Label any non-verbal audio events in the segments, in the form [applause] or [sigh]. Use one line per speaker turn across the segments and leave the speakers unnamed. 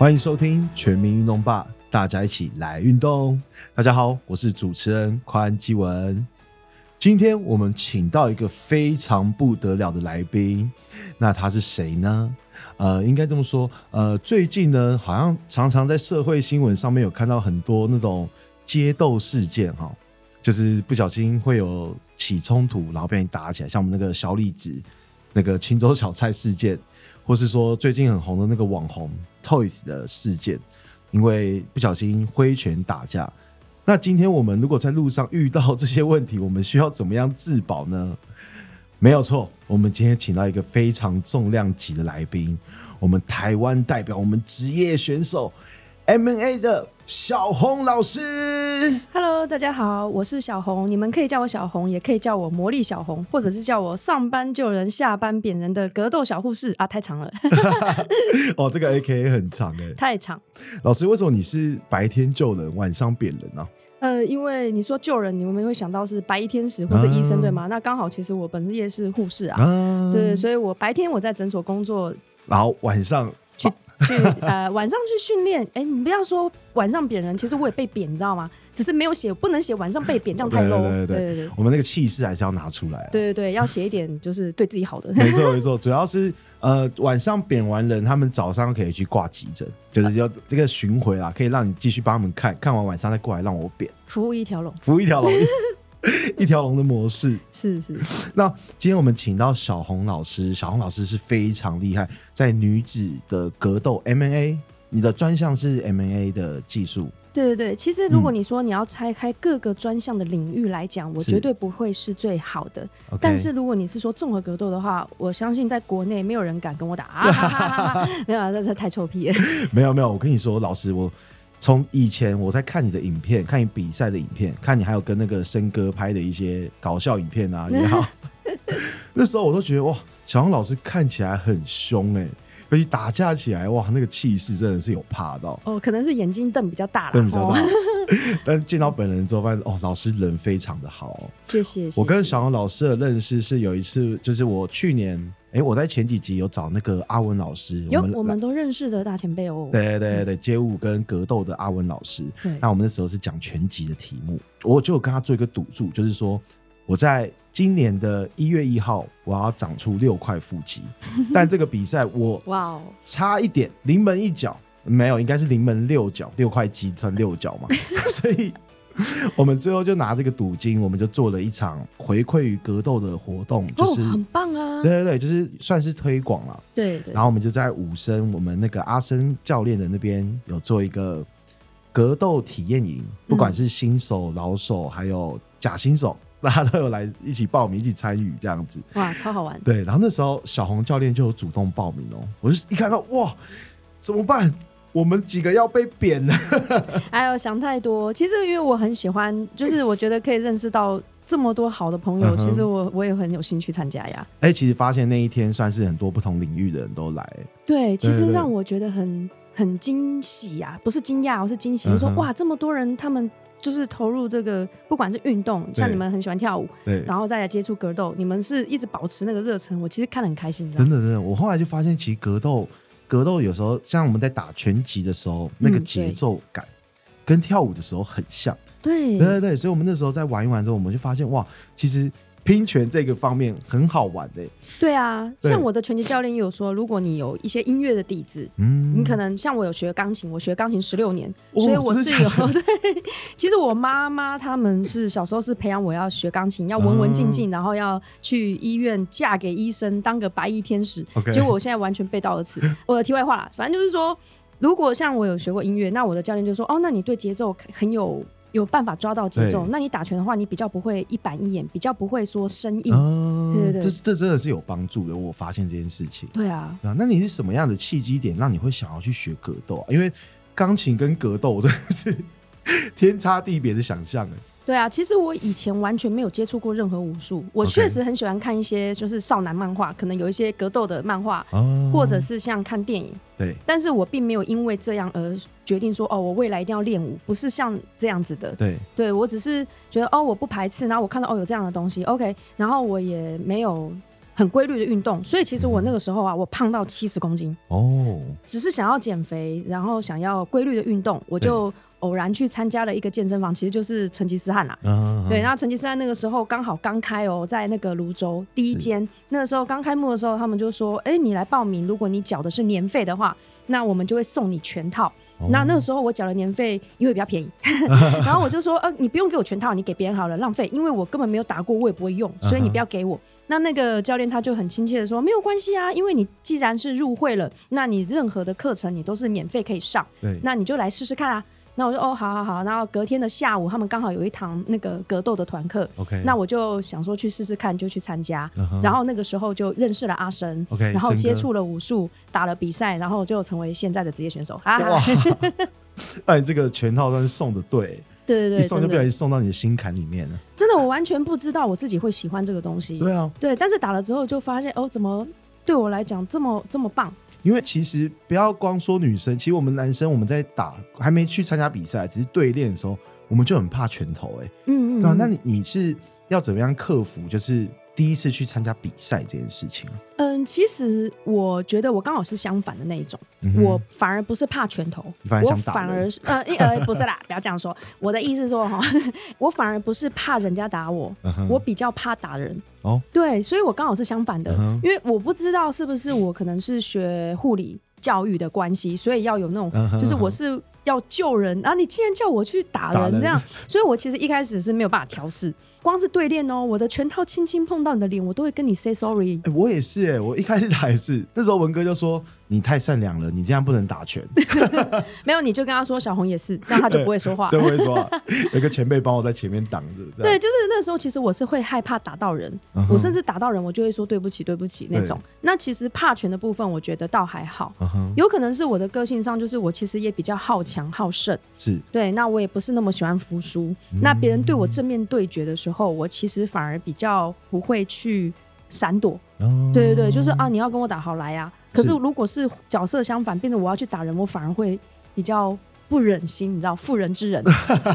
歡迎收聽《全民運動吧》，大家一起來運動。大家好，我是主持人寬嘰文。今天我們請到一個非常不得了的來賓，那他是誰呢？呃，應該這麼說，呃，最近呢，好像常常在社會新聞上面有看到很多那種街鬥事件，哈，就是不小心會有起衝突，然後被人打起來，像我們那個小李子，那個清粥小菜事件。或是說最近很紅的那個網紅 Toys 的事件，因為不小心揮拳打架，那今天我們如果在路上遇到這些問題，我們需要怎麼樣自保呢？沒有錯，我們今天請到一個非常重量級的來賓，我們台灣代表，我們職業選手。M A 的小紅老師
，Hello，大家好，我是小紅，你們可以叫我小紅，也可以叫我魔力小紅，或者是叫我上班救人、下班扁人的格鬥小護士啊，太長
了。 [laughs] [laughs] 哦，這個 A K A 很長哎，太長。老師，為什麼你是白天救人、晚上扁人呢、啊？
呃，因為你說救人，你們會想到是白衣天使或是醫生，嗯、對嗎？那剛好，其實我本身也是護士啊，嗯、對，所以我白天我在診所工作，
然後晚上。
[laughs] 去呃晚上去訓練，哎、欸，你不要說晚上扁人，其實我也被扁，你知道嗎？只是沒有寫，不能寫晚上被扁，這樣太 low。 [laughs] 對，對對對，對對對，
我們那個氣勢還是要拿出來、啊。
對對，對要寫一點就是對自己好的。 [laughs] 沒錯沒
錯，主要是呃晚上扁完人，他們早上可以去掛急診，就是要這個巡迴啊，可以讓你繼續幫他們看，看完晚上再過來讓我扁。
服務一條龍，服務一條龍。 [laughs]
[laughs] 一條龍的模式
是是 [laughs] 那。
那今天我們請到小紅老師，小紅老師是非常厲害，在女子的格鬥 MMA，你的專項是 MMA 的技術。
對對對，其實如果你說你要拆開各個專項的領域來講，嗯、我絕對不會是最好的。是 okay. 但是如果你是說綜合格鬥的話，我相信在國內沒有人敢跟我打啊！ [laughs] 沒有，這這太臭屁了。 [laughs]
沒有沒有，我跟你說，老師我。從以前我在看你的影片，看你比賽的影片，看你還有跟那個森哥拍的一些搞笑影片啊，你好， [laughs] [laughs] 那時候我都覺得哇，小紅老師看起來很兇哎、欸，可是打架起來哇，那個氣勢真的是有怕到
哦，可能是眼睛瞪比較大瞪比較大，哦、
[laughs] 但是見到本人之後發現哦，老師人非常的好，謝謝。我跟小紅老師的認識是有一次，就是我去年。哎、欸，我在前幾集有找那個阿文老師，有，我們，我們
都認識的大前輩哦。對
對對，對、嗯、街舞跟格鬥的阿文老師。對。那我們那時候是講全集的題目，我就跟他做一個賭注，就是說我在今年的一月一號我要長出六塊腹肌， [laughs] 但這個比賽我哇，差一點臨、哦、門一腳，沒有，應該是臨門六腳，六塊肌算六腳嘛。 [laughs] [laughs] 所以我們最後就拿這個賭金，我們就做了一場回饋於格鬥的活動，哦，就是很
棒啊。對對
對，就是算是推廣了。對，對，對。然後我們就在武生，我們那個阿森教練的那邊有做一個格鬥體驗營，嗯、不管是新手、老手，還有假新手，大家都有來一起報名、一起參與這樣子。
哇，超好玩！
對，然後那時候小紅教練就有主動報名哦，我就一看到哇，怎麼辦？我們幾個要被扁了。
哎 [laughs] 呦，想太多。其實因為我很喜歡，就是我覺得可以認識到。這麼多好的朋友，其實我我也很有興趣參加呀。
哎、欸，其實發現那一天算是很多不同領域的人都來。
對，其實讓我覺得很很驚喜呀、啊，不是驚訝，我是驚喜。我、嗯、哼說哇，這麼多人，他們就是投入這個，不管是運動，像你們很喜歡跳舞，對然後再來接觸格鬥，對你們是一直保持那個熱忱，我其實看得很開心的，真
的真的，我後來就發現，其實格鬥格鬥有時候，像我們在打拳擊的時候，那個節奏感跟跳舞的時候很像。嗯
對對對，
所以我們那時候在玩一玩之後，我們就發現哇，其實拼拳這個方面很好玩的、欸。
對啊，像我的拳擊教練也有說，如果你有一些音樂的底子，嗯，你可能像我有學鋼琴，我學鋼琴十六年，哦、所以我是有。真的假的、對，其實我媽媽他們是小時候是培養我要學鋼琴，要文文靜靜，嗯、然後要去醫院嫁給醫生，當個白衣天使。Okay 結果我現在完全背道而馳。我的題外話啦，反正就是說，如果像我有學過音樂，那我的教練就說哦，那你對節奏很有。有辦法抓到節奏，對那你打拳的話，你比較不會一板一眼，比較不會說生硬，嗯、對對對，這
這真的是有幫助的。我發現這件事情。對啊，對啊，那你是什麼樣的契機點讓你會想要去學格鬥啊？因為鋼琴跟格鬥真的是天差地別的想象欸。
對啊，其實我以前完全沒有接觸過任何武術，我確實很喜歡看一些就是少男漫畫，Okay. 可能有一些格鬥的漫畫，嗯、或者是像看電影。對。但是我並沒有因為這樣而決定說哦，我未來一定要練武，不是像這樣子的。對。對，我只是覺得哦，我不排斥，然後我看到哦有這樣的東西，OK，然後我也沒有很規律的運動，所以其實我那個時候啊，嗯、我胖到七十公斤哦，只是想要減肥，然後想要規律的運動，我就。偶然去參加了一個健身房，其實就是成吉思汗啦。Uh huh. 對，那成吉思汗那個時候剛好剛開哦、喔，在那個蘆洲第一間。是那個時候剛開幕的時候，他們就說：“哎、欸，你來報名，如果你繳的是年費的話，那我們就會送你全套。” Oh. 那那個時候我繳了年費，因為比較便宜。 [laughs] 然後我就說：“呃，你不用給我全套，你給別人好了，浪費，因為我根本沒有打過，我也不會用，所以你不要給我。” Uh huh. 那那個教練他就很親切的說：“沒有關係啊，因為你既然是入會了，那你任何的課程你都是免費可以上。對，那你就來試試看啊。”那我說哦，好好好。然後隔天的下午，他們剛好有一堂那個格鬥的團課。OK，那我就想說去試試看，就去參加。然後那個時候就認識了阿生。OK，然後接觸了武術，打了比賽，然後就成為現在的職業選手。哇，
哎，這個全套都是送的，對？
對對對，送就不小
心送到你的心坎裡面了。
真的，我完全不知道我自己會喜歡這個東西。對啊，對。但是打了之後就發現，哦，怎麼對我來講這麼這麼棒？
因為其實不要光說女生，其實我們男生，我們在打，還沒去參加比賽，只是對練的時候，我們就很怕拳頭、欸，哎，嗯嗯，對、啊，那你你是要怎麼樣克服？就是。第一次去參加比賽這件事情，
嗯，其實我覺得我剛好是相反的那一種，嗯、哼我反而不是怕拳頭，反我反而呃呃不是啦， [laughs] 不要這樣說。我的意思是說哈，我反而不是怕人家打我，嗯、哼我比較怕打人。哦，對，所以我剛好是相反的，嗯、哼因為我不知道是不是我可能是學護理教育的關係，所以要有那種，嗯哼嗯哼就是我是要救人，啊，你竟然叫我去打人，打人這樣，所以我其實一開始是沒有辦法調適。光是對練哦、喔，我的拳套輕輕碰到你的臉，我都會跟你 say sorry。欸、我也是
哎、欸，我一開始打也是，那時候文哥就說，你太善良了，你這樣不能打拳。
[laughs] [laughs] 沒有，你就跟他說小紅也是，這樣他就不會說話。就不會說，
[laughs] 有個前輩幫我在前面擋着。對，就
是那時候其實我是會害怕打到人，uh huh. 我甚至打到人我就會說對不起、對不起那種。對那其實怕拳的部分我覺得倒還好，uh huh. 有可能是我的個性上，就是我其實也比較好強好勝。是。對，那我也不是那麼喜歡服輸，嗯、那別人對我正面對決的時候，後我其實反而比較不會去閃躲，嗯、對對對，就是啊，你要跟我打好來呀、啊。可是如果是角色相反，變得我要去打人，我反而會比較不忍心，你知道，婦人之仁。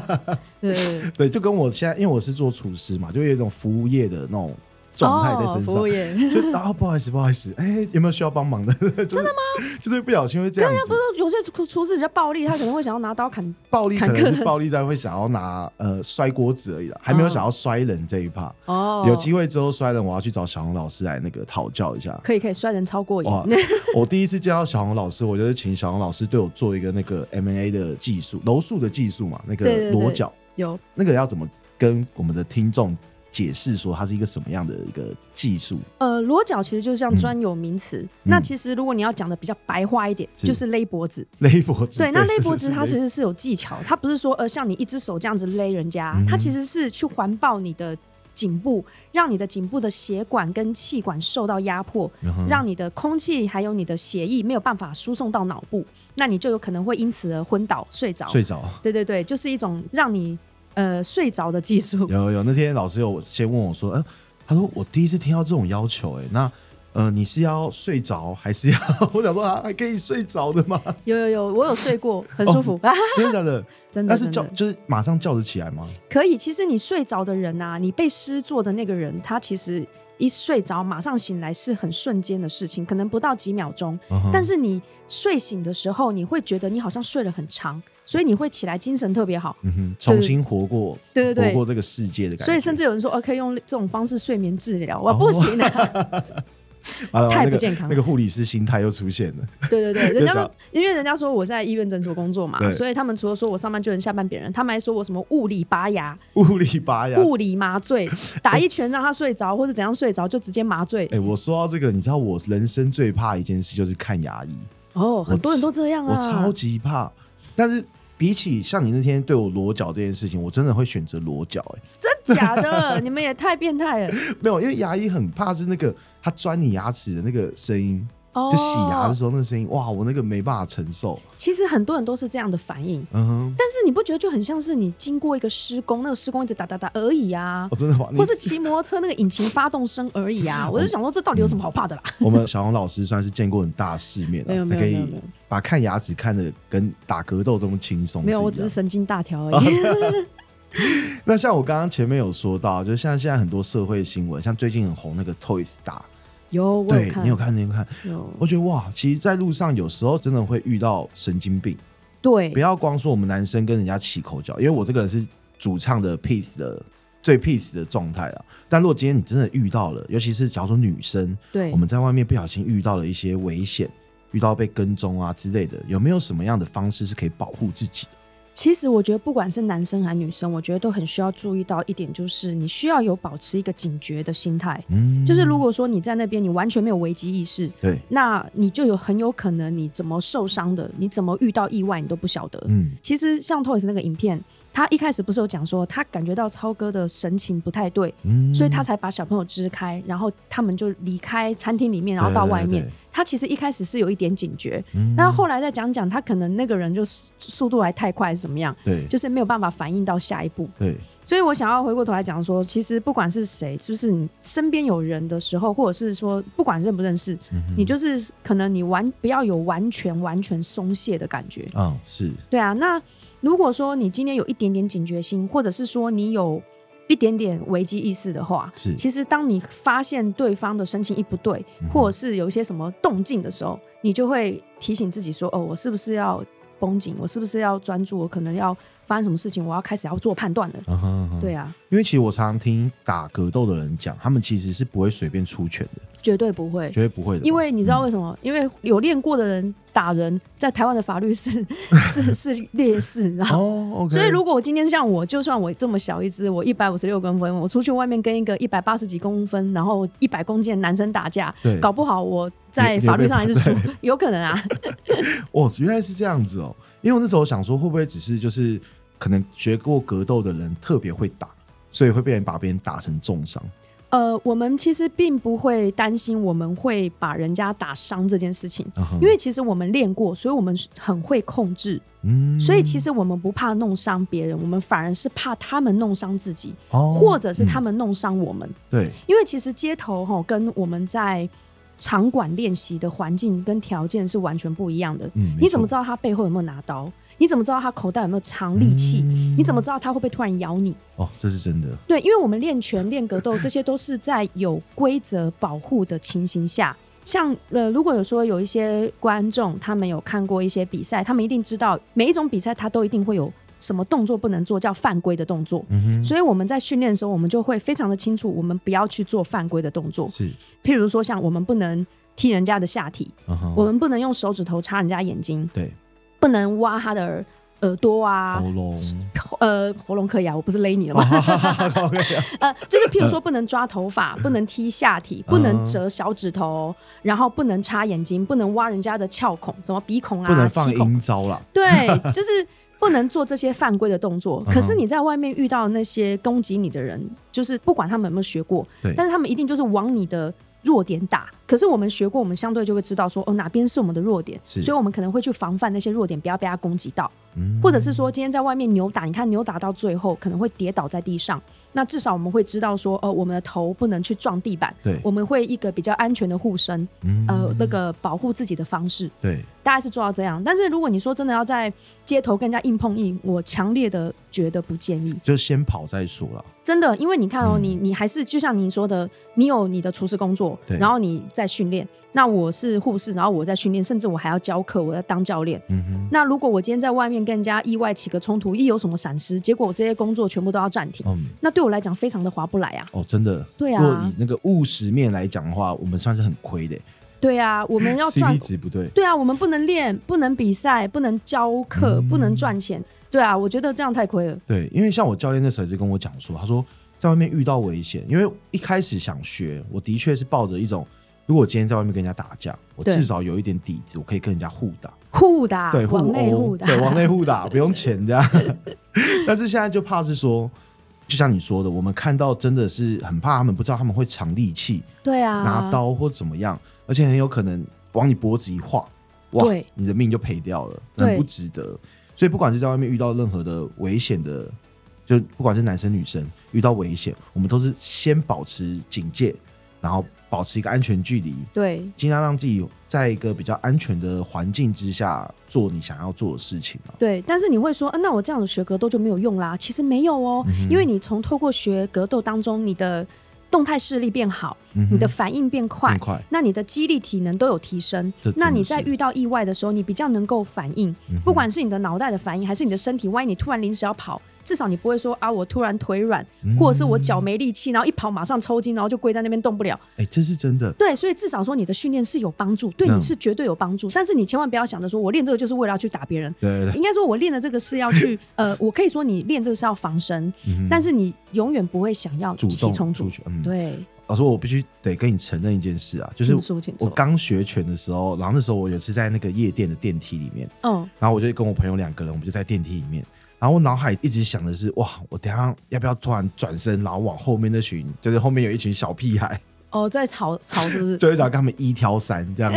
[laughs] 對對，
對，對，就跟我現在，因為我是做廚師嘛，就有一種服務業的那種。狀態在身上、哦，就啊、哦，不好意思，不好意思，哎、欸，有沒有需要幫忙的？真的嗎？ [laughs] 就是不小心會這樣。對
呀，不是有些廚師比較暴力，他可能會想要拿刀砍。暴力可能是暴
力在會想要拿呃摔鍋子而已啦，哦、還沒有想要摔人這一趴。哦，有機會之後摔人，我要去找小紅老師來那個討教一下。可
以可以摔人超過癮哇。 [laughs] 我
第一次見到小紅老師，我就是請小紅老師對我做一個那個 MMA 的技術，柔術的技術嘛，那個裸絞。
有。
那個要怎麼跟我們的聽眾？解釋說它是一個什麼樣的一個技術？
呃，裸絞其實就像專有名詞。嗯、那其實如果你要講的比較白話一點，是就是勒脖子。
勒脖子。對，對那勒脖子它其實
是有技巧，勒它不是說呃像你一只手這樣子勒人家，嗯、哼它其實是去環抱你的頸部，讓你的頸部的血管跟氣管受到壓迫，嗯、哼讓你的空氣還有你的血液沒有辦法輸送到腦部，那你就有可能會因此而昏倒、睡着、睡着著。對對對，就是一種讓你。呃，睡着的技術有有
有。那天老師有先問我說：“呃，他說我第一次聽到這種要求、欸，哎，那呃，你是要睡着還是要？我想說還可以睡着的嗎？
有有有，我有睡過，很舒服，
真的真的。但是叫就是馬上叫得起來嗎？
可以。其實你睡着的人吶、啊，你被施作的那個人，他其實一睡着馬上醒來是很瞬間的事情，可能不到幾秒鐘。嗯、哼但是你睡醒的時候，你會覺得你好像睡得很長。”所以你會起來精神特別好，
重新活過，對對對，活過這個世界的感覺。所以
甚至有人說，哦，可以用這種方式睡眠治療，我不行的，太不健康。那個
護理師心態又出現了。
對對對，人家因為人家說我在醫院診所工作嘛，所以他們除了說我上班救人下班扁人，他們還說我什麼物理拔牙、物
理拔牙、物理
麻醉，打一拳讓他睡着或者怎樣睡着，就直接麻醉。哎，
我說到這個，你知道我人生最怕一件事就是看牙醫
哦，很多人都這樣啊，我超
級怕。但是比起像你那天對我裸腳這件事情，我真的會選擇裸腳，哎，
真假的， [laughs] 你們也太變態了。 [laughs] 沒有，因為牙醫很
怕是那個他鑽你牙齒的那個聲音。
Oh, 就洗牙的時
候那個聲音，哇！我那個沒辦法承受。
其實很多人都是這樣的反應。嗯哼。但是你不覺得就很像是你經過一個施工，那個施工一直打打打，打而已啊？我、
哦、真的嗎，或是騎
摩托車那個引擎發動聲而已啊？ [laughs] 我就想說，這到底有什麼好怕的啦？嗯、
我們小紅老師算是見過很大世面了， [laughs] 他可以把看牙齒看得跟打格鬥這麼輕鬆。沒有，我只是
神經大條而已。
那像我剛剛前面有說到，就像現在很多社會新聞，像最近很紅那個 Toys 打。
有，有對你有看，
你有看，有我覺得哇，其實，在路上有時候真的會遇到神經病，對，不要光說我們男生跟人家起口角，因為我這個人是主唱的 peace 的，最 peace 的狀態啊。但如果今天你真的遇到了，尤其是假如說女生，對，我們在外面不小心遇到了一些危險，遇到被跟蹤啊之類的，有沒有什麼樣的方式是可以保護自己的？
其實我覺得，不管是男生還是女生，我覺得都很需要注意到一點，就是你需要有保持一個警覺的心態。嗯，就是如果說你在那邊，你完全沒有危機意識，對，那你就有很有可能，你怎麼受傷的，你怎麼遇到意外，你都不曉得。嗯，其實像 Toyz 那個影片，他一開始不是有講說，他感覺到超哥的神情不太對，嗯，所以他才把小朋友支開，然後他們就離開餐廳裡面，然後到外面。對對對他其實一開始是有一點警覺，嗯、哼那後來再講講，他可能那個人就速度還太快，還是怎麼樣？對，就是沒有辦法反應到下一步。對，所以我想要回過頭來講說，其實不管是誰，就是你身邊有人的時候，或者是說不管認不認識，嗯、哼你就是可能你完不要有完全完全鬆懈的感覺。
嗯、哦，是
對啊。那如果說你今天有一點點警覺心，或者是說你有。一點點危機意識的話，是其實當你發現對方的神情一不對，嗯、哼或者是有一些什麼動靜的時候，你就會提醒自己說：“哦，我是不是要繃緊？我是不是要專注？我可能要發生什麼事情？我要開始要做判斷了。嗯哼
嗯哼”對啊，因為其實我常聽打格鬥的人講，他們其實是不會隨便出拳的。
絕對不會，絕
對不會的。因為
你知道為什麼？嗯、因為有練過的人打人，在台灣的法律是是是劣勢，然後 [laughs] ，oh, okay 所以如果我今天像我，就算我這麼小一隻，我一百五十六公分，我出去外面跟一個一百八十幾公分，然後一百公斤的男生打架，對搞不好我在法律上還是輸，有可能啊。
[laughs] 哦，原來是這樣子哦。因為我那時候想說，會不會只是就是可能學過格鬥的人特別會打，所以會被人把別人打成重傷。
呃，我們其實並不會擔心我們會把人家打傷這件事情，uh huh. 因為其實我們練過，所以我們很會控制。Mm hmm. 所以其實我們不怕弄傷別人，我們反而是怕他們弄傷自己，oh, 或者是他們弄傷我們。嗯，對，因為其實街頭跟我們在場館練習的環境跟條件是完全不一樣的。嗯，你怎麼知道他背後有沒有拿刀？你怎麼知道他口袋有沒有藏利器？嗯，你怎麼知道他會不會突然咬你？
哦，這是真的。
對，因為我們練拳、練格鬥，這些都是在有規則保護的情形下。 [laughs] 像呃，如果有說有一些觀眾他們有看過一些比賽，他們一定知道每一種比賽他都一定會有什麼動作不能做，叫犯規的動作。嗯哼。所以我們在訓練的時候，我們就會非常的清楚，我們不要去做犯規的動作。是。譬如說，像我們不能踢人家的下體，哦啊，我們不能用手指頭插人家眼睛。對。不能挖他的耳耳朵啊，喉嚨嚨呃，喉嚨可以啊，我不是勒你了嗎？Oh, okay. [laughs] 呃，就是譬如說，不能抓頭髮， [laughs] 不能踢下體，不能折小指頭，uh huh. 然後不能插眼睛，不能挖人家的竅孔，什麼鼻孔啊，不能放陰
招了。孔 [laughs] 對，就是
不能做這些犯規的動作。Uh huh. 可是你在外面遇到那些攻擊你的人，就是不管他們有沒有學過，對但是他們一定就是往你的弱點打。可是我們學過，我們相對就會知道說哦，哪邊是我們的弱點，是所以我們可能會去防範那些弱點，不要被它攻擊到，嗯哼，或者是說今天在外面扭打，你看扭打到最後可能會跌倒在地上，那至少我們會知道說哦、呃、我們的頭不能去撞地板，對，我們會一個比較安全的護身，嗯、哼呃那個保護自己的方式，對，大概是做到這樣。但是如果你說真的要在街頭跟人家硬碰硬，我強烈的覺得不建議，
就先跑再說了。
真的，因為你看哦，嗯、你你還是就像您說的，你有你的護理師工作，對然後你。在訓練，那我是護士，然後我在訓練，甚至我還要教課，我在當教練。嗯嗯哼，那如果我今天在外面跟人家意外起個衝突，一有什麼閃失，結果我這些工作全部都要暫停。嗯。那對我來講非常的划不來啊。
哦，真的。對啊。如果以那個務實面來講的話，我們算是很虧的。
對啊，我們要賺。一直 [laughs] 不對。對啊，我們不能練，不能比賽，不能教課，不能賺錢。嗯、哼對啊，我覺得這樣太虧了。對，因為
像我教練那時候就跟我講說，他說在外面遇到危險，因為一開始想學，我的確是抱着一種。如果我今天在外面跟人家打架，我至少有一點底子，對我可以跟人家互打、
互打，對，互毆，往內互打，對，往內互
打， [laughs] 不用錢這樣。但是現在就怕是說，就像你說的，我們看到真的是很怕他們，不知道他們會藏利器，
對啊，拿刀
或怎麼樣，而且很有可能往你脖子一劃，
哇，對
你的命就賠掉了，很不值得。對所以不管是在外面遇到任何的危險的，就不管是男生女生遇到危險，我們都是先保持警戒。然後保持一個安全距離，對，儘量讓自己有在一個比較安全的環境之下做你想要做的事情嘛。
對，但是你會說、呃，那我這樣的學格鬥就沒有用啦？其實沒有哦，嗯、哼因為你從透過學格鬥當中，你的動態視力變好，嗯、哼你的反應變快，快那你的肌力、體能都有提升。那你在遇到意外的時候，你比較能夠反應，嗯、哼不管是你的腦袋的反應，還是你的身體，萬一你突然臨時要跑。至少你不會說啊，我突然腿軟，或者是我腳沒力氣，然後一跑馬上抽筋，然後就跪在那邊動不了。哎、
欸，這是真的。
對，所以至少說你的訓練是有幫助，對你是絕對有幫助。嗯、但是你千萬不要想着說我練這個就是為了要去打別人。對對對應該說，我練的這個是要去 [laughs] 呃，我可以說你練這個是要防身，嗯、哼但是你永遠不會想要主動衝出去。嗯、對，
老師，我必須得跟你承認一件事啊，就是我剛學拳的時候，然後那時候我有次在那個夜店的電梯裡面，嗯，然後我就跟我朋友兩個人，我們就在電梯裡面。然後我腦海一直想的是，哇，我等一下要不要突然轉身，然後往後面那群，就是後面有一群小屁孩，
哦，在吵吵，是不是？就
要跟他們一挑三這樣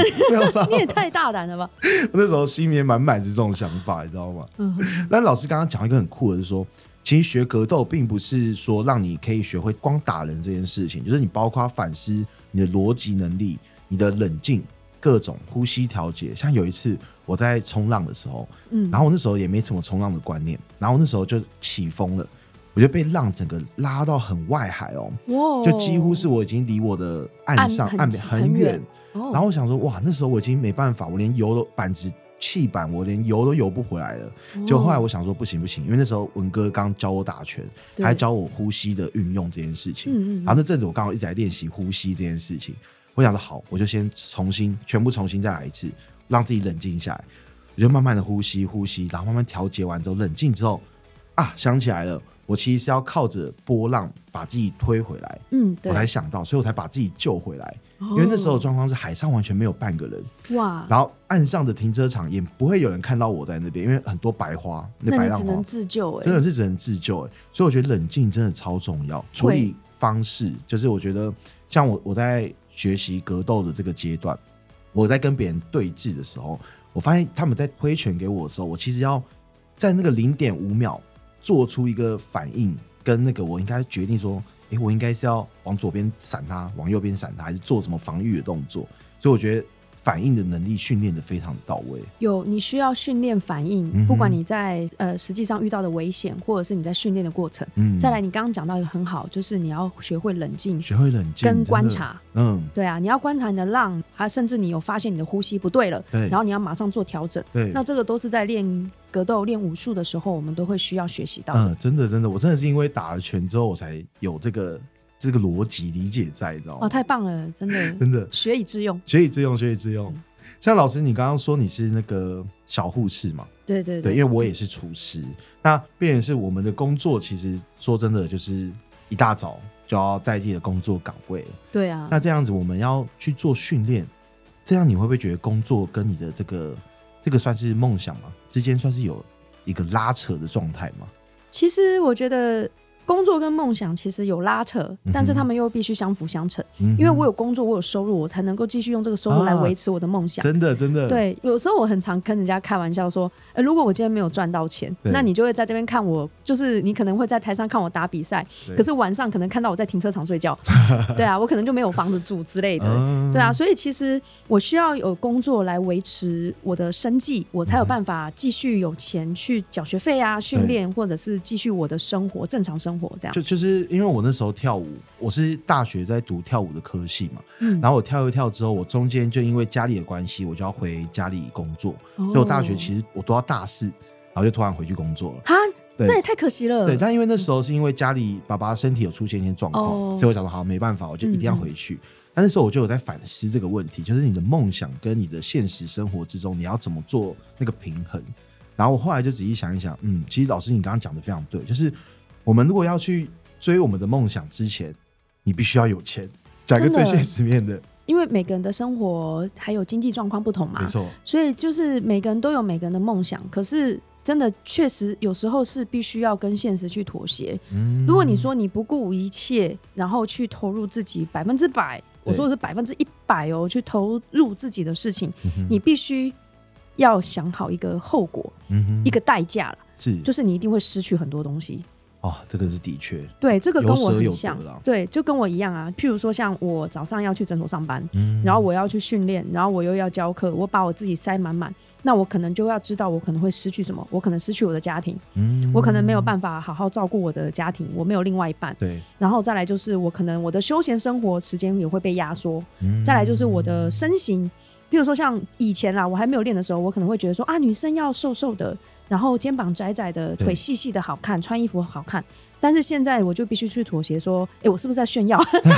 子， [laughs] 你也太大膽了吧？
我那時候心裡面滿滿是這種想法，你知道嗎？嗯哼。但老師剛剛講一個很酷的，就是說，其實學格鬥並不是說讓你可以學會光打人這件事情，就是你包括反思你的邏輯能力，你的冷靜。各種呼吸調節，像有一次我在衝浪的時候，嗯，然後我那時候也沒什麼衝浪的觀念，然後我那時候就起風了，我就被浪整個拉到很外海哦，哦就幾乎是我已經離我的岸上很岸邊很遠，很遠，然後我想說哇，那時候我已經沒辦法，我連游都板子氣板，我連游都游不回來了。就、哦、後來我想說不行不行，因為那時候文哥剛教我打拳，對他還教我呼吸的運用這件事情，嗯嗯嗯，然後那陣子我剛好一直在練習呼吸這件事情。我想的好，我就先重新，全部重新再來一次，讓自己冷靜下來，我就慢慢的呼吸，呼吸，然後慢慢調節完之後，冷靜之後，啊，想起來了，我其實是要靠着波浪把自己推回來，嗯，對，我才想到，所以我才把自己救回來，哦、因為那時候的狀況是海上完全沒有半個人，
哇，然
後岸上的停車場也不會有人看到我在那邊，因為很多白花，那白浪只能自救、欸，真的是只能自救、欸，所以我覺得冷靜真的超重要，會處理方式就是我覺得像我我在。學習格鬥的這個階段，我在跟別人對峙的時候，我發現他們在揮拳給我的時候，我其實要在那個零點五秒做出一個反應，跟那個我應該決定說，誒、欸，我應該是要往左邊閃他，往右邊閃他，還是做什麼防御的動作？所以我覺得。反應的能力訓練得非常的到位。
有你需要訓練反應，不管你在呃實際上遇到的危險，或者是你在訓練的過程。嗯，再來你剛剛講到一個很好，就是你要學會冷靜，學會冷靜跟觀察。嗯，對啊，你要觀察你的浪，還、啊、甚至你有發現你的呼吸不對了，對，然後你要馬上做調整。對，那這個都是在練格鬥、練武術的時候，我們都會需要學習到
的。嗯，真的真的，我真的是因為打了拳之後，我才有這個。這個邏輯理解在，知道嗎？哦，
太棒了，真的， [laughs] 真的學以、學以致用，
學以致用，學以致用。像老師，你剛剛說你是那個小護士嘛？對
對對，對，因為我
也是廚師。嗯、那變成是我們的工作，其實、嗯、說真的，就是一大早就要在地的工作崗位。對啊，那這樣子我們要去做訓練，這樣你會不會覺得工作跟你的這個這個算是夢想嗎？之間算是有一個拉扯的狀態嗎？
其實我覺得。工作跟夢想其實有拉扯，但是他們又必須相輔相成。嗯、哼因為我有工作，我有收入，我才能夠繼續用這個收入來維持我的夢想、啊。真的，
真的。對，
有時候我很常跟人家開玩笑說，哎、欸，如果我今天沒有賺到錢，對那你就會在這邊看我，就是你可能會在台上看我打比賽，對可是晚上可能看到我在停車場睡覺。對，對啊，我可能就沒有房子住之類的。 [laughs] 嗯、對啊，所以其實我需要有工作來維持我的生計，我才有辦法繼續有錢去繳學費啊、訓練對，或者是繼續我的生活，正常生活。這樣就就
是因為我那時候跳舞，我是大學在讀跳舞的科系嘛，嗯、然後我跳一跳之後，我中間就因為家裡的關係，我就要回家裡工作，嗯、所以我大學其實我都要大四，然後就突然回去工作了。哈，
對，那也太可惜了。對，但
因為那時候是因為家裡爸爸身體有出現一些狀況，嗯、所以我想說好沒辦法，我就一定要回去。嗯嗯，但那時候我就有在反思這個問題，就是你的夢想跟你的現實生活之中，你要怎麼做那個平衡？然後我後來就仔細想一想，嗯，其實老師你剛剛講的非常對，就是。.我們如果要去追我們的夢想之前，你必須要有錢。講一個最現實面的，
的，因為每個人的生活還有經濟狀況不同嘛，沒錯錯。所以就是每個人都有每個人的夢想，可是真的確實有時候是必須要跟現實去妥協。嗯、哼如果你說你不顧一切，然後去投入自己百分之百，對我說的是百分之一百哦，去投入自己的事情，嗯、哼你必須要想好一個後果，嗯、哼一個代價了。是，就是你一定會失去很多東西。啊、
哦，這個是的確，對，這個跟我很像，有捨有
得啊、對，就跟我一樣啊。譬如說，像我早上要去診所上班，嗯、然後我要去訓練，然後我又要教課，我把我自己塞滿滿，那我可能就要知道我可能會失去什麼，我可能失去我的家庭，嗯，我可能沒有辦法好好照顧我的家庭，我沒有另外一半，對。然後再來就是我可能我的休閒生活時間也會被壓縮，嗯、再來就是我的身形，譬如說像以前啦、啊，我還沒有練的時候，我可能會覺得說啊，女生要瘦瘦的。然後肩膀窄窄的，腿細細的，好看，穿衣服好看。但是現在我就必須去妥協，說，哎，我是不是在炫耀？沒有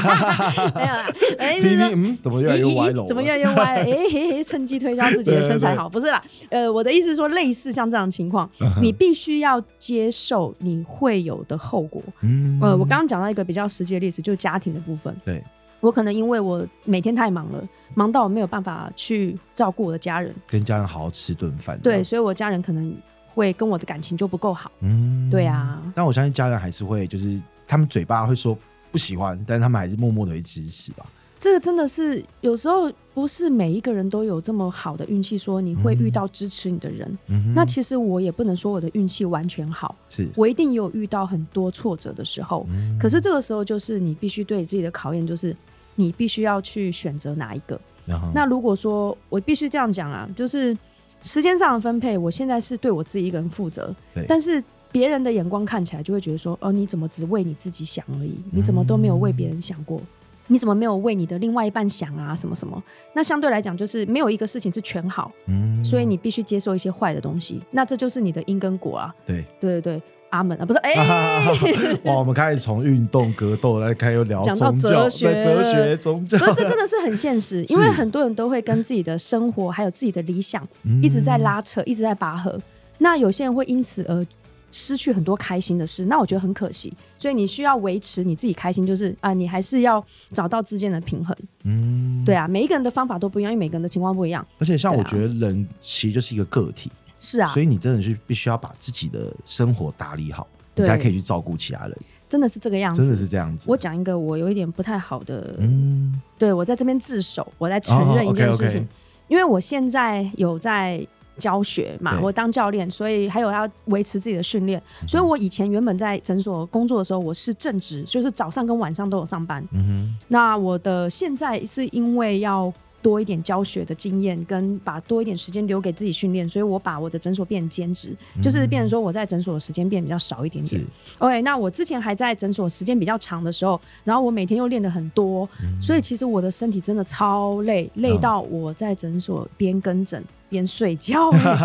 啦。哎，就是
怎麼越來越歪？怎麼越來越歪？哎
嘿嘿，趁機推銷自己的身材好，不是啦。呃，我的意思是說，類似像這樣的情況，你必須要接受你會有的後果。嗯。呃，我剛剛講到一個比較實際的例子，就是家庭的部分。對。我可能因為我每天太忙了，忙到我沒有辦法去照顧我的家人，
跟家人好好吃頓飯。
對，所以我家人可能，會跟我的感情就不夠好，嗯，對啊。
但我相信家人還是會，就是他們嘴巴會說不喜歡，但是他們還是默默的會支持吧。
這個真的是有時候不是每一個人都有這麼好的運氣，說你會遇到支持你的人。嗯、那其實我也不能說我的運氣完全好，是、嗯哼、我一定有遇到很多挫折的時候。是。可是這個時候就是你必須對自己的考驗，就是你必須要去選擇哪一個。嗯哼、那如果說我必須這樣講啊，就是。時間上的分配，我現在是對我自己一個人負責，對但是別人的眼光看起來就會覺得說，哦、呃，你怎麼只為你自己想而已？嗯、你怎麼都沒有為別人想過？你怎麼沒有為你的另外一半想啊？什麼什麼？那相對來講，就是沒有一個事情是全好，嗯，所以你必須接受一些壞的東西，那這就是你的因跟果啊。對，對對對。阿門啊，不是哎，欸、 [laughs] 哇！
我們開始從運動格鬥來開始聊宗教，講到哲學、哲學、宗教。不是，這真的
是很現實，因為很多人都會跟自己的生活是還有自己的理想一直在拉扯，嗯、一直在拔河。那有些人會因此而失去很多開心的事，那我覺得很可惜。所以你需要維持你自己開心，就是啊、呃，你還是要找到之間的平衡。嗯，對啊，每一個人的方法都不一樣，因為每個人的情況不一樣。
而且，像我覺得人其實就是一個個體。是啊，所以你真的是必須要把自己的生活打理好，對你才可以去照顧其
他人。真的是這個樣子，真的是這樣子。我講一個我有一點不太好的，嗯，對我在這邊自首，我在承認一件事情，哦、okay, okay，因為我現在有在教學嘛，對我當教練，所以還有要維持自己的訓練，對所以我以前原本在診所工作的時候，我是正職，就是早上跟晚上都有上班。嗯哼，那我的現在是因為要。多一點教學的經驗，跟把多一點時間留給自己訓練，所以我把我的診所變成兼職，嗯、哼就是變成說我在診所的時間變比較少一點點。是 OK，那我之前還在診所時間比較長的時候，然後我每天又練的很多，嗯、哼所以其實我的身體真的超累，嗯、累到我在診所邊跟診邊睡
覺。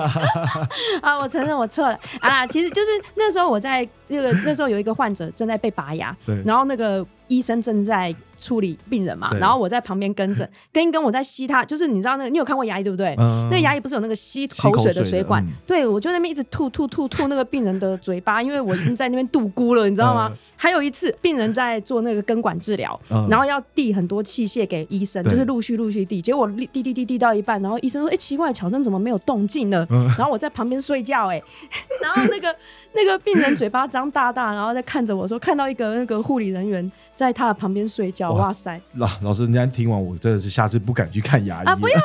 [laughs] [laughs] 啊，我承認我錯了 [laughs] 啊其實就是那時候我在那個那時候有一個患者正在被拔牙，對然後那個醫生正在。處理病人嘛，對然後我在旁邊跟着，跟一跟我在吸他，就是你知道那個，你有看過牙醫對不對？嗯、那個牙醫不是有那個吸口水的水管？水。嗯、對，我就那邊一直吐吐吐吐那個病人的嘴巴，因為我已經在那邊度咕了， [laughs] 嗯、你知道嗎？還有一次，病人在做那個根管治療，嗯、然後要遞很多器械給醫生，嗯、就是陸續陸續遞，結果遞遞遞遞到一半，然後醫生說：“哎、欸，奇怪，強生怎麼沒有動靜呢？”嗯、然後我在旁邊睡覺、欸，哎， [laughs] 然後那個那個病人嘴巴張大大，然後在看着我說，看到一個那個護理人員在他的旁邊睡覺。哇塞，
老老師，人家聽完我真的是下次不敢去看牙醫啊！不
要，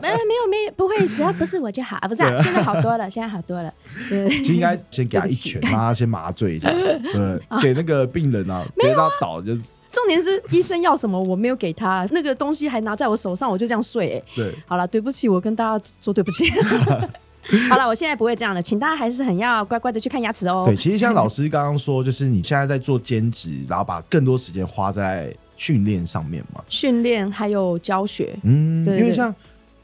沒有，沒，不會，只要不是我就好啊！不是，現在好多了，現在好多了。對，就應該先給他一拳，讓
他先麻醉一下。對，給那個病人啊，沒他倒就。
重點是醫生要什麼，我沒有給他那個東西，還拿在我手上，我就這樣睡。哎，對，好了，對不起，我跟大家說對不起。好了，我現在不會這樣了，請大家還是很要乖乖的去看牙齒哦。對，其實像老
師剛剛說，就是你現在在做兼職，然後把更多時間花在，訓練上面嘛，
訓練還有教學，嗯，對
對對因為像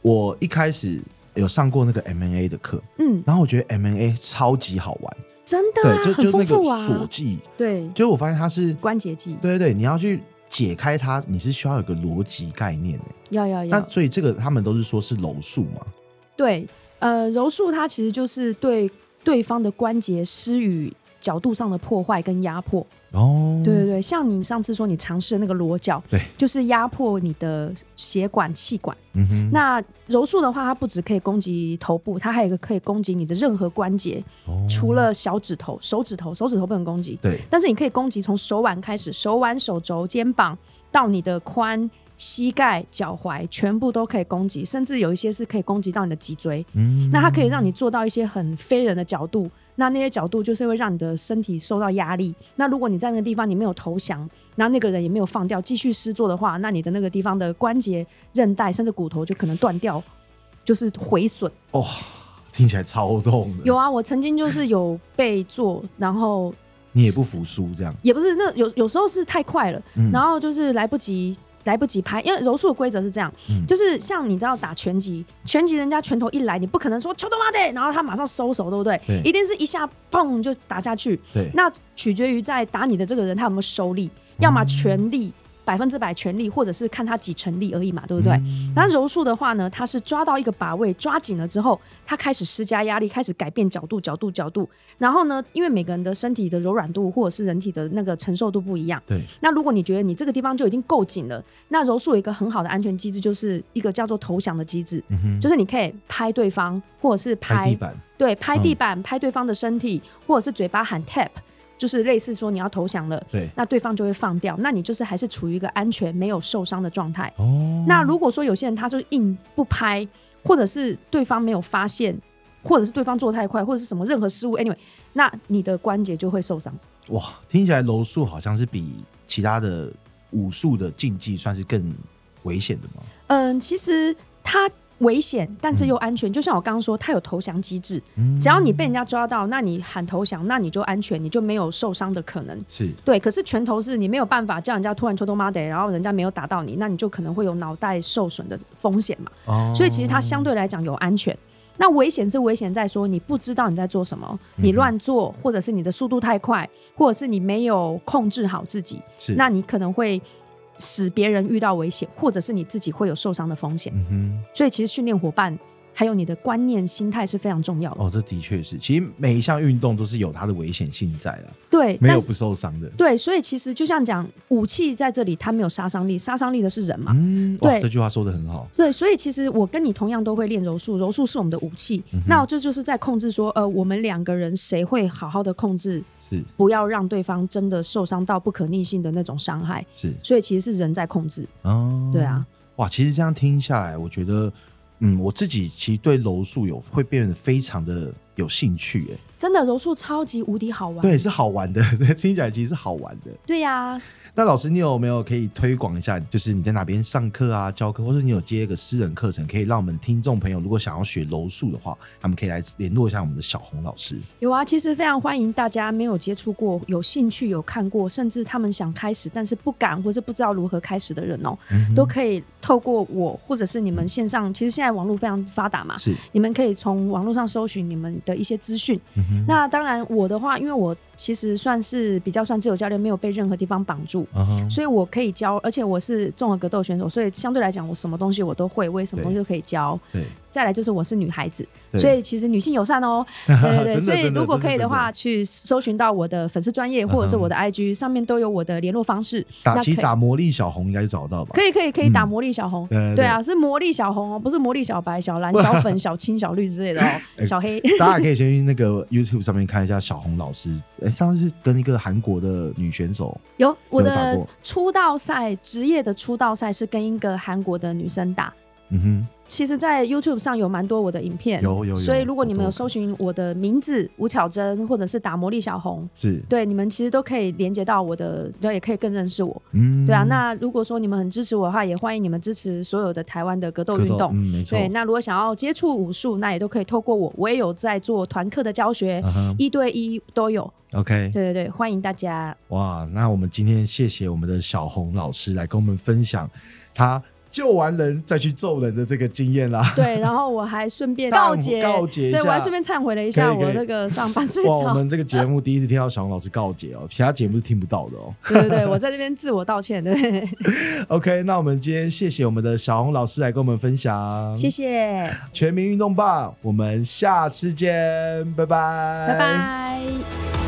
我一開始有上過那個 MMA 的課，嗯，然後我覺得 MMA 超級好玩，
真的、啊，就很豐富啊。鎖技，對，
就是我發現它是關節技，對對,對你要去解開它，你是需要有個邏輯概念的、欸，要要要。那所以這個他們都是說是柔術嘛，
對，呃，柔術它其實就是對對方的關節施予。角度上的破壞跟壓迫，哦、oh，對對對，像你上次說你嘗試的那個裸絞，對，就是壓迫你的血管、氣管。嗯、哼那柔術的話，它不只可以攻擊頭部，它還有一個可以攻擊你的任何關節，oh、除了小指頭、手指頭、手指頭不能攻擊，對，但是你可以攻擊從手腕開始，手腕、手肘、肩膀到你的髖。膝蓋、腳踝全部都可以攻擊，甚至有一些是可以攻擊到你的脊椎。嗯,嗯，那它可以讓你做到一些很非人的角度。那那些角度就是會讓你的身體受到壓力。那如果你在那個地方你沒有投降，那那個人也沒有放掉，繼續施作的話，那你的那個地方的關節、韌帶甚至骨頭就可能斷掉，噓就是毀損。
哇、哦，聽起來超痛的。
有啊，我曾經就是有被做，然後
你也不服輸，這
樣也不是那有有時候是太快了，嗯、然後就是來不及。來不及拍，因為柔術的規則是這樣，嗯、就是像你知道打拳擊，拳擊人家拳頭一來，你不可能說球都拉在，然後他馬上收手，對不對？對，一定是一下砰就打下去。對那取決於在打你的這個人他有沒有收力，對要麼全力。嗯百分之百全力，或者是看他幾成力而已嘛，對不對？那、嗯、柔術的話呢，他是抓到一個把位，抓緊了之後，他開始施加壓力，開始改變角度，角度，角度。然後呢，因為每個人的身體的柔軟度或者是人體的那個承受度不一樣。對。那如果你覺得你這個地方就已經夠緊了，那柔術有一個很好的安全機制，就是一個叫做投降的機制，嗯、哼就是你可以拍對方，或者是拍，拍地板，對，拍地板，嗯、拍對方的身體，或者是嘴巴喊 tap。就是類似說你要投降了，對，那對方就會放掉，那你就是還是處於一個安全、沒有受傷的狀態。哦，那如果說有些人他就硬不拍，或者是對方沒有發現，或者是對方做太快，或者是什麼任何失誤，anyway，那你的關節就會受傷。
哇，聽起來柔術好像是比其他的武術的競技算是更危險的嗎？
嗯，其實他。危險，但是又安全。嗯、就像我剛剛說，它有投降機制，嗯、只要你被人家抓到，那你喊投降，那你就安全，你就沒有受傷的可能。是，對。可是拳頭是你沒有辦法叫人家突然抽動媽的，然後人家沒有打到你，那你就可能會有腦袋受損的風險嘛。哦、所以其實它相對來講有安全，那危險是危險在說你不知道你在做什麼，你亂做，嗯、哼或者是你的速度太快，或者是你沒有控制好自己，是那你可能會。使別人遇到危險，或者是你自己會有受傷的風險。嗯哼，所以其實訓練夥伴，還有你的觀念、心態是非常重要的。
哦，這的確是。其實每一項運動都是有它的危險性在的。
對，沒有不受傷的。對，所以其實就像講武器在這裡，它沒有殺傷力，殺傷力的是人嘛。嗯，對、哦，這句
話說得很好。
對，所以其實我跟你同樣都會練柔術，柔術是我們的武器。嗯、哼那這就，就是在控制說，說呃，我們兩個人誰會好好的控制。是，不要讓對方真的受傷到不可逆性的那種傷害。是，所以其實是人在控制。哦、嗯，對啊，
哇，其實這樣聽下來，我覺得，嗯，我自己其實對樓數有會變得非常的有興趣，欸，哎。
真的柔術超級無敵好玩，對，
是好玩的。聽起來其實是好玩的。
對呀、
啊。那老師，你有沒有可以推廣一下？就是你在哪邊上課啊，教課，或者你有接一個私人課程，可以讓我們聽眾朋友，如果想要學柔術的話，他們可以來聯絡一下我們的小紅老師。
有啊，其實非常歡迎大家，沒有接觸過、有興趣、有看過，甚至他們想開始但是不敢，或是不知道如何開始的人哦、喔，嗯哼，都可以透過我，或者是你們線上。其實現在網絡非常發達嘛，是你們可以從網絡上搜尋你們的一些資訊。嗯那當然，我的話，因為我。其實算是比較算自由教練，沒有被任何地方綁住，所以我可以教，而且我是綜合格鬥選手，所以相對來講，我什麼東西我都會，我也什麼東西都可以教。對，再來就是我是女孩子，所以其實女性友善哦。對對對，所以如果可以的話，去搜尋到我的粉絲專頁或者是我的 IG 上面都有我的聯絡方式，打，其實打
魔力小紅應該就找得到吧？可以
可以可以打魔力小紅，對啊，是魔力小紅哦，不是魔力小白、小藍、小粉、小青、小綠之類的哦，小黑。大家可以
先去那個 YouTube 上面看一下小紅老師。欸，上次是跟一個韓國的女選手
有我的出道賽，職業的出道賽是跟一個韓國的女生打，嗯哼。其實，在 YouTube 上有蠻多我的影片，有有有，所以如果你們有搜尋我的名字吳巧珍，或者是打魔力小紅，是對你們其實都可以連接到我的，然後也可以更認識我，嗯、對啊。那如果說你們很支持我的話，也歡迎你們支持所有的台灣的格鬥運動，嗯、沒錯。對，那如果想要接觸武術，那也都可以透過我，我也有在做團課的教學，uh huh、一對一都有。OK，對對對，歡迎大家。
哇，那我們今天謝謝我們的小紅老師來跟我們分享她。救完人再去揍人的這個經驗啦，對，
然後我還順便告誡告誡一下，對，我還順便懺悔了一下我那個上班睡床。哇，我們這
個節目第一次聽到小紅老師告誡哦， [laughs] 其他節目是聽不到的哦。對對對，我
在這邊自我道歉對。
[laughs] OK，那我們今天謝謝我們的小紅老師來跟我們分享，謝
謝。
全民運動棒，我們下次見，拜拜，拜
拜。